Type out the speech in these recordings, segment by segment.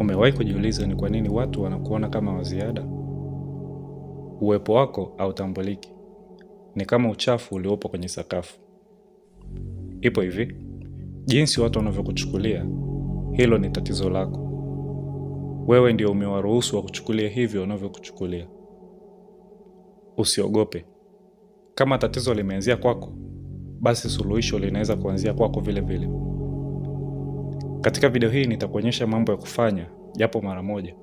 Umewahi kujiuliza ni kwa nini watu wanakuona kama waziada Uwepo wako hautambuliki, ni kama uchafu uliopo kwenye sakafu. Ipo hivi, jinsi watu wanavyokuchukulia, hilo ni tatizo lako. Wewe ndio umewaruhusu wa kuchukulia hivyo wanavyokuchukulia. Usiogope. Kama tatizo limeanzia kwako, basi suluhisho linaweza kuanzia kwako vile vile. Katika video hii nitakuonyesha mambo ya kufanya japo mara moja,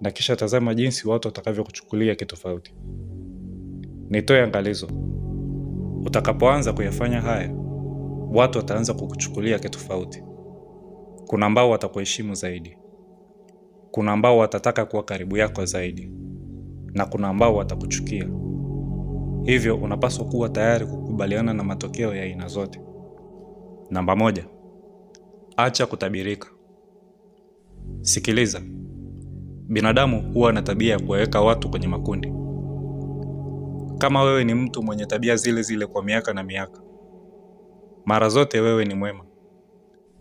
na kisha tazama jinsi watu watakavyokuchukulia kitofauti. Nitoe angalizo, utakapoanza kuyafanya haya, watu wataanza kukuchukulia kitofauti. Kuna ambao watakuheshimu zaidi, kuna ambao watataka kuwa karibu yako zaidi, na kuna ambao watakuchukia. Hivyo unapaswa kuwa tayari kukubaliana na matokeo ya aina zote. Namba moja, acha kutabirika. Sikiliza, binadamu huwa na tabia ya kuwaweka watu kwenye makundi. Kama wewe ni mtu mwenye tabia zile zile kwa miaka na miaka, mara zote wewe ni mwema,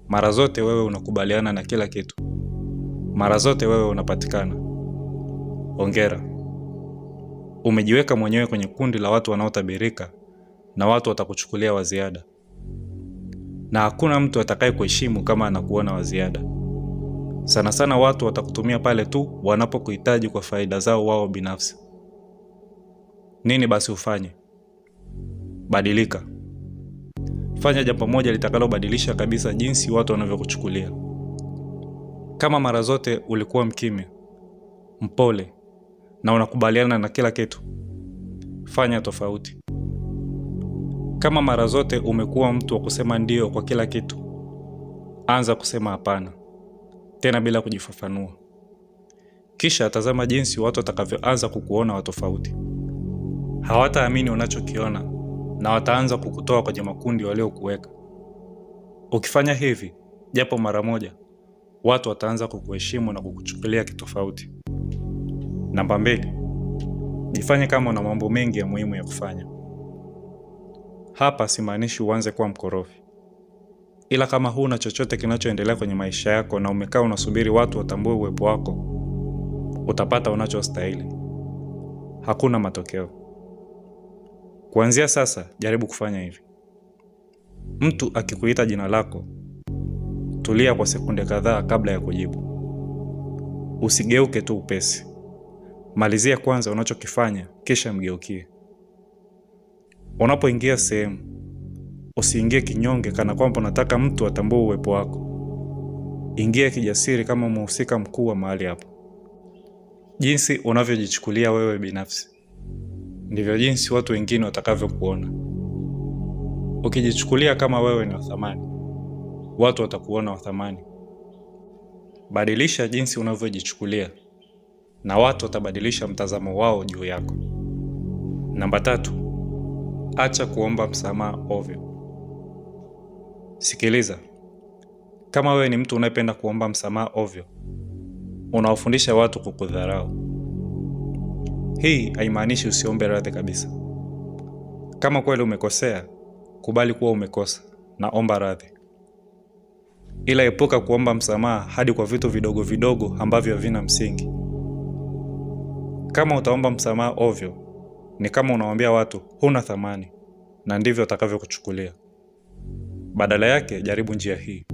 mara zote wewe unakubaliana na kila kitu, mara zote wewe unapatikana, ongera Umejiweka mwenyewe kwenye kundi la watu wanaotabirika na watu watakuchukulia wa ziada na hakuna mtu atakaye kuheshimu kama anakuona wa ziada. Sana sana watu watakutumia pale tu wanapokuhitaji kwa faida zao wao binafsi. Nini basi ufanye? Badilika. Fanya jambo moja litakalobadilisha kabisa jinsi watu wanavyokuchukulia. Kama mara zote ulikuwa mkimya, mpole na unakubaliana na kila kitu, fanya tofauti. Kama mara zote umekuwa mtu wa kusema ndio kwa kila kitu, anza kusema hapana, tena bila kujifafanua. Kisha tazama jinsi watu watakavyoanza kukuona wa tofauti. Hawataamini unachokiona na wataanza kukutoa kwenye makundi waliokuweka. Ukifanya hivi japo mara moja, watu wataanza kukuheshimu na kukuchukulia kitofauti. Namba mbili, jifanye kama una mambo mengi ya muhimu ya kufanya. Hapa simaanishi uanze kuwa mkorofi, ila kama huna chochote kinachoendelea kwenye maisha yako na umekaa unasubiri watu watambue uwepo wako, utapata unachostahili. Hakuna matokeo. Kuanzia sasa, jaribu kufanya hivi: mtu akikuita jina lako, tulia kwa sekunde kadhaa kabla ya kujibu. Usigeuke tu upesi, malizia kwanza unachokifanya, kisha mgeukie. Unapoingia sehemu, usiingie kinyonge kana kwamba unataka mtu atambue uwepo wako. Ingia kijasiri kama mhusika mkuu wa mahali hapo. Jinsi unavyojichukulia wewe binafsi, ndivyo jinsi watu wengine watakavyokuona. Ukijichukulia kama wewe ni wathamani, watu watakuona wathamani. Badilisha jinsi unavyojichukulia na watu watabadilisha mtazamo wao juu yako. Namba tatu, acha kuomba msamaha ovyo. Sikiliza, kama wewe ni mtu unayependa kuomba msamaha ovyo, unawafundisha watu kukudharau, hii haimaanishi usiombe radhi kabisa. Kama kweli umekosea, kubali kuwa umekosa na omba radhi, ila epuka kuomba msamaha hadi kwa vitu vidogo vidogo ambavyo havina msingi. Kama utaomba msamaha ovyo ni kama unawaambia watu huna thamani, na ndivyo watakavyokuchukulia. Badala yake, jaribu njia hii.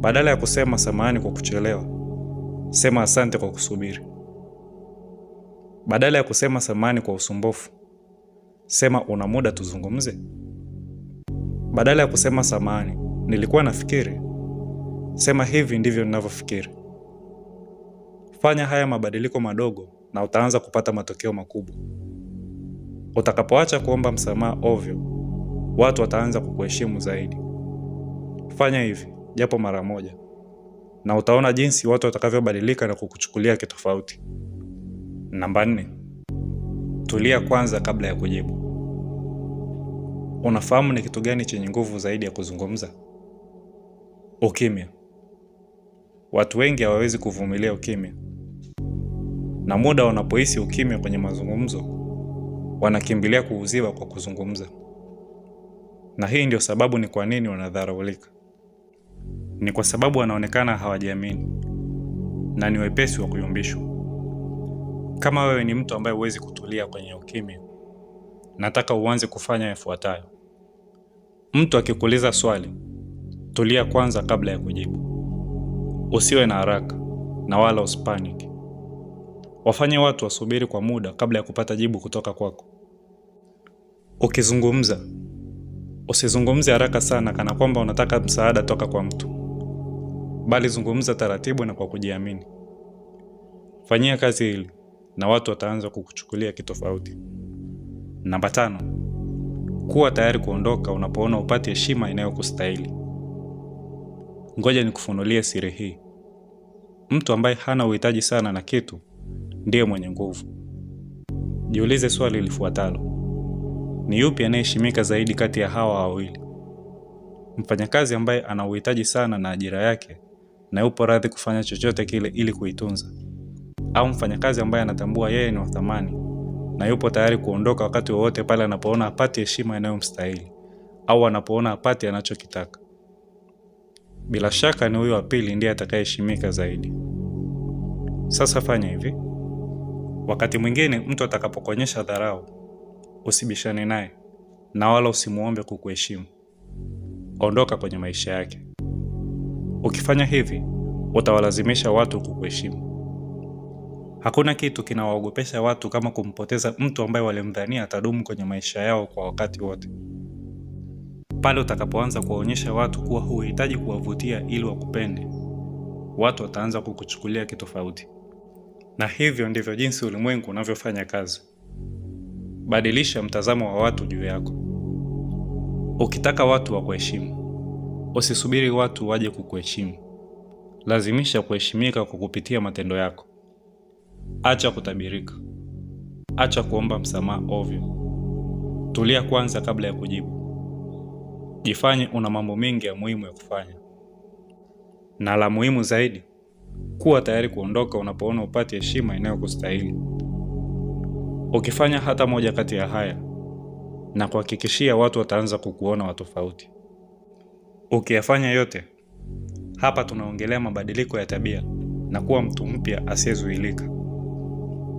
Badala ya kusema samahani kwa kuchelewa, sema asante kwa kusubiri. Badala ya kusema samahani kwa usumbufu, sema una muda tuzungumze. Badala ya kusema samahani, nilikuwa nafikiri, sema hivi ndivyo ninavyofikiri. Fanya haya mabadiliko madogo na utaanza kupata matokeo makubwa. Utakapoacha kuomba msamaha ovyo, watu wataanza kukuheshimu zaidi. Fanya hivi japo mara moja, na utaona jinsi watu watakavyobadilika na kukuchukulia kitofauti. Namba nne: tulia kwanza kabla ya kujibu. Unafahamu ni kitu gani chenye nguvu zaidi ya kuzungumza? Ukimya. Watu wengi hawawezi kuvumilia ukimya, na muda wanapohisi ukimya kwenye mazungumzo wanakimbilia kuuziwa kwa kuzungumza, na hii ndio sababu ni kwa nini wanadharaulika. Ni kwa sababu wanaonekana hawajiamini na ni wepesi wa kuyumbishwa. Kama wewe ni mtu ambaye huwezi kutulia kwenye ukimya, nataka uanze kufanya yafuatayo. Mtu akikuuliza swali, tulia kwanza kabla ya kujibu. Usiwe na haraka na wala usipanike. Wafanye watu wasubiri kwa muda kabla ya kupata jibu kutoka kwako. Ukizungumza usizungumze haraka sana, kana kwamba unataka msaada toka kwa mtu, bali zungumza taratibu na kwa kujiamini. Fanyia kazi hili na watu wataanza kukuchukulia kitofauti. Namba tano, kuwa tayari kuondoka unapoona upate heshima inayokustahili. Ngoja nikufunulie siri hii: mtu ambaye hana uhitaji sana na kitu ndiye mwenye nguvu. Jiulize swali lifuatalo: ni yupi anayeheshimika zaidi kati ya hawa wawili? Mfanyakazi ambaye ana uhitaji sana na ajira yake na yupo radhi kufanya chochote kile ili kuitunza, au mfanyakazi ambaye anatambua yeye ni wa thamani na yupo tayari kuondoka wakati wowote pale anapoona apati heshima inayomstahili au anapoona apati anachokitaka? Bila shaka ni huyo wa pili ndiye atakayeheshimika zaidi. Sasa fanya hivi: wakati mwingine mtu atakapokuonyesha dharau usibishane naye na wala usimwombe kukuheshimu. Ondoka kwenye maisha yake. Ukifanya hivi, utawalazimisha watu kukuheshimu. Hakuna kitu kinawaogopesha watu kama kumpoteza mtu ambaye walimdhania atadumu kwenye maisha yao kwa wakati wote. Pale utakapoanza kuwaonyesha watu kuwa huhitaji kuwavutia ili wakupende, watu wataanza kukuchukulia kitofauti. Na hivyo ndivyo jinsi ulimwengu unavyofanya kazi badilisha mtazamo wa watu juu yako. Ukitaka watu wakuheshimu, usisubiri watu waje kukuheshimu. Lazimisha kuheshimika kwa kupitia matendo yako. Acha kutabirika, acha kuomba msamaha ovyo. Tulia kwanza kabla ya kujibu. Jifanye una mambo mengi ya muhimu ya kufanya, na la muhimu zaidi, kuwa tayari kuondoka unapoona upate heshima inayokustahili. Ukifanya hata moja kati ya haya, na kuhakikishia watu wataanza kukuona wa tofauti. Ukiyafanya yote hapa, tunaongelea mabadiliko ya tabia na kuwa mtu mpya asiyezuilika.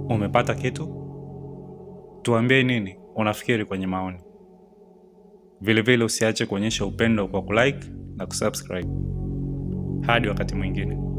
Umepata kitu? Tuambie nini unafikiri kwenye maoni. Vilevile usiache kuonyesha upendo kwa kulike na kusubscribe. Hadi wakati mwingine.